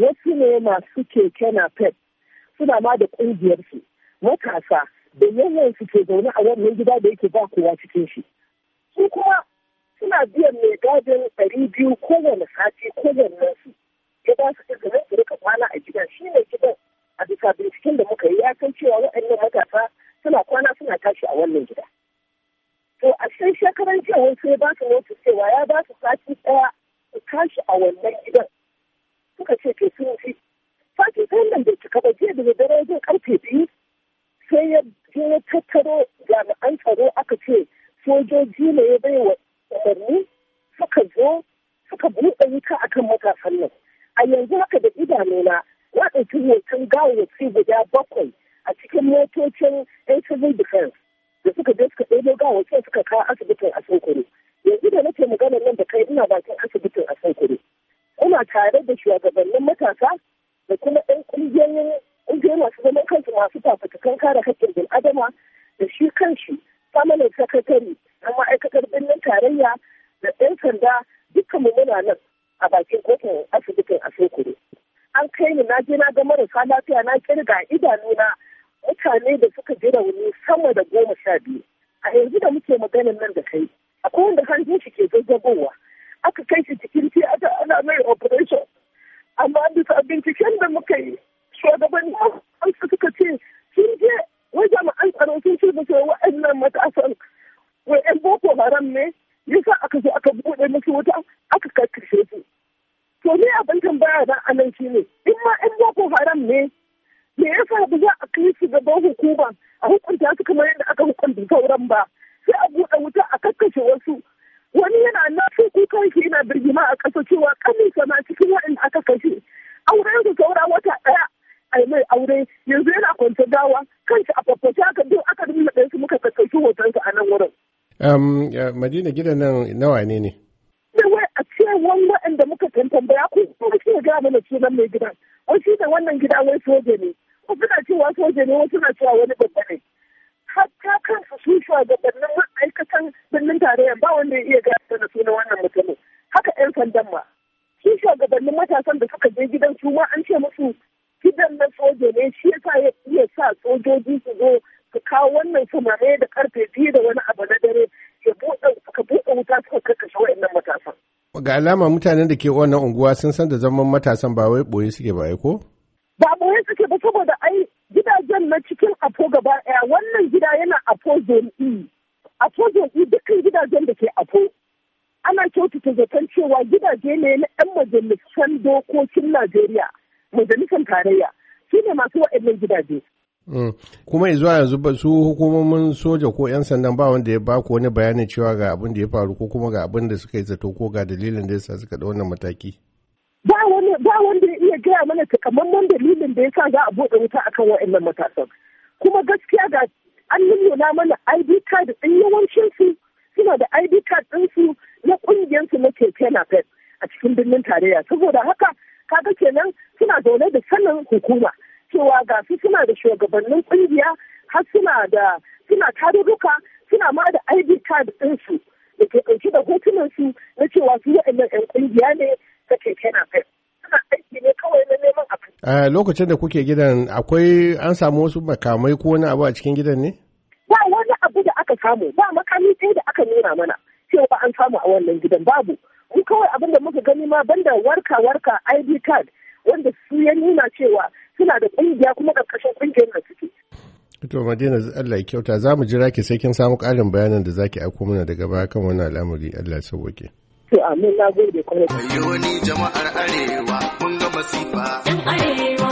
wasu ne masu keke na pet suna ma da ƙungiyarsu matasa da yawan su ke zaune a wannan gida da yake ba kowa cikin shi su kuma suna biyan mai gadin ɗari biyu kowane sati kowanne su ya ba su izinin su rika kwana a gida shi ne gidan a bisa binciken da muka yi ya san cewa waɗannan matasa suna kwana suna tashi a wannan gida to a cikin shekaran jiya sai ba su notice cewa ya ba su sati ɗaya su tashi a wannan gidan suka ce ke sun fi sati ta bai cika ba jiya daga dare zai karfe biyu sai ya tattaro jami'an tsaro aka ce sojoji ne ya bai wa umarni suka zo suka buɗe wuta akan matasan nan a yanzu haka da idanuna na ɗauki hoton gawawwaki guda bakwai a cikin motocin yan civil defense da suka je suka ɗebo gawawwaki suka kawo asibitin asinkuru yanzu da nake magana nan da kai ina bakin asibitin asinkuru Ina tare da shugabannin matasa da kuma ɗan ƙungiyoyin ƙungiyoyi masu zaman kansu masu fafutukan kare haƙƙin adama da shi kanshi family sakatari na ma'aikatar birnin tarayya da ɗan sanda dukkan mu muna nan a bakin kotun asibitin a sokoro. An kai ni na je na ga marasa lafiya na kirga idanuna mutane da suka ji rauni sama da goma sha biyu. A yanzu da muke maganin nan da kai, akwai wanda hanjin shi ke zazzabowa. Aka kai shi mai operation amma bisa binciken da muka yi shugabannin amsa suka ce sun je wajen an tsaro sun ce sai wa'annan matasan wai yan boko haram ne yasa aka zo aka buɗe musu wuta aka karkashe su to ne abin tambaya da anan shi ne in ma yan boko haram ne me yasa ba za a kai su gaban hukuma cewa kaninsa na cikin waɗanda aka kashe auren su saura wata ɗaya ai mai aure yanzu yana kwance gawa kanshi a fafface haka duk aka nuna da su muka kakkaki su a nan wurin. Madina gidan nan nawa ne ne? wai a cewan da muka kan tambaya ko kuma shi ya gaya mana sunan mai gidan. Wai shi da wannan gida wai soja ne. Wasu na cewa soja ne wasu na cewa wani babba ne. Hatta kansu su shugabannin ma'aikatan birnin tarayya ba wanda ya iya gaya mana sunan matasan da suka je gidan su ma an ce musu gidan na soja ne shi yasa ya iya sa sojoji su zo su kawo wannan samare da karfe biyu da wani abu na dare ya buɗe suka buɗe wuta suka kakkashe wa'annan matasan. ga alama mutanen da ke wannan unguwa sun san da zaman matasan ba wai ɓoye suke ba ko? ba ɓoye suke ba saboda ai gidajen na cikin afo gaba ɗaya wannan gida yana afo zone e afo zone e, dukkan gidajen da ke ana kyautata zaton cewa gidaje ne na 'yan majalisan dokokin Najeriya, majalisan tarayya, su ne masu waɗannan gidaje. Mm. Kuma zuwa yanzu su hukumomin soja ko 'yan sandan ba wanda ya baku wani bayanin cewa ga abin da ya faru ko kuma ga abin da suka yi zato ko ga dalilin da yasa suka da wannan mataki. Ba wanda ya iya gaya mana takamaiman dalilin da yasa za a buɗe wuta akan wa'annan matasan. Kuma gaskiya ga an nuna mana ID card ɗin yawancin birnin tarayya saboda haka kaga kenan suna zaune da sanin hukuma cewa ga su suna da shugabannin kungiya har suna da suna tarurruka suna ma da ID card ɗinsu da ke ɗauki da hotunan su na cewa su ɗan 'yan kungiya ne ta keke na kai suna aiki ne kawai na neman eh, lokacin da kuke gidan akwai an samu wasu makamai ko wani abu a cikin gidan ne? Ba wani abu da aka samu ba makami sai da aka nuna mana cewa an samu a wannan gidan babu. ma banda warka warka ID card wanda su ya nuna cewa suna da kungiya kuma kashin kungiyar da suke. To Madina Allah ya kyauta za mu jira ki sai kin samu ƙarin bayanan da zaki aiko mana daga baya kan wannan al'amari Allah ya sauke. To amin na gode kwarai. jama'ar arewa mun ga masifa. arewa.